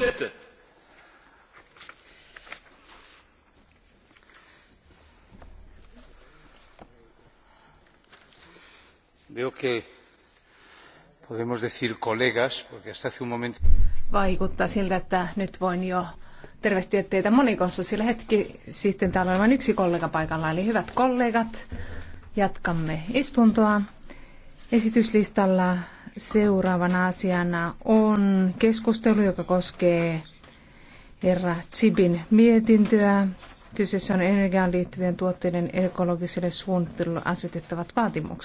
Presidente. Veo que podemos decir colegas, porque hasta hace un momento... Vaikuttaa siltä, että nyt voin jo tervehtiä teitä monikossa, sillä hetki sitten täällä on vain yksi kollega paikalla. Eli hyvät kollegat, jatkamme istuntoa. Esityslistalla seuraavana asiana on on keskustelu, joka koskee herra Tsibin mietintöä. Kyseessä on energiaan liittyvien tuotteiden ekologiselle suunnittelulle asetettavat vaatimukset.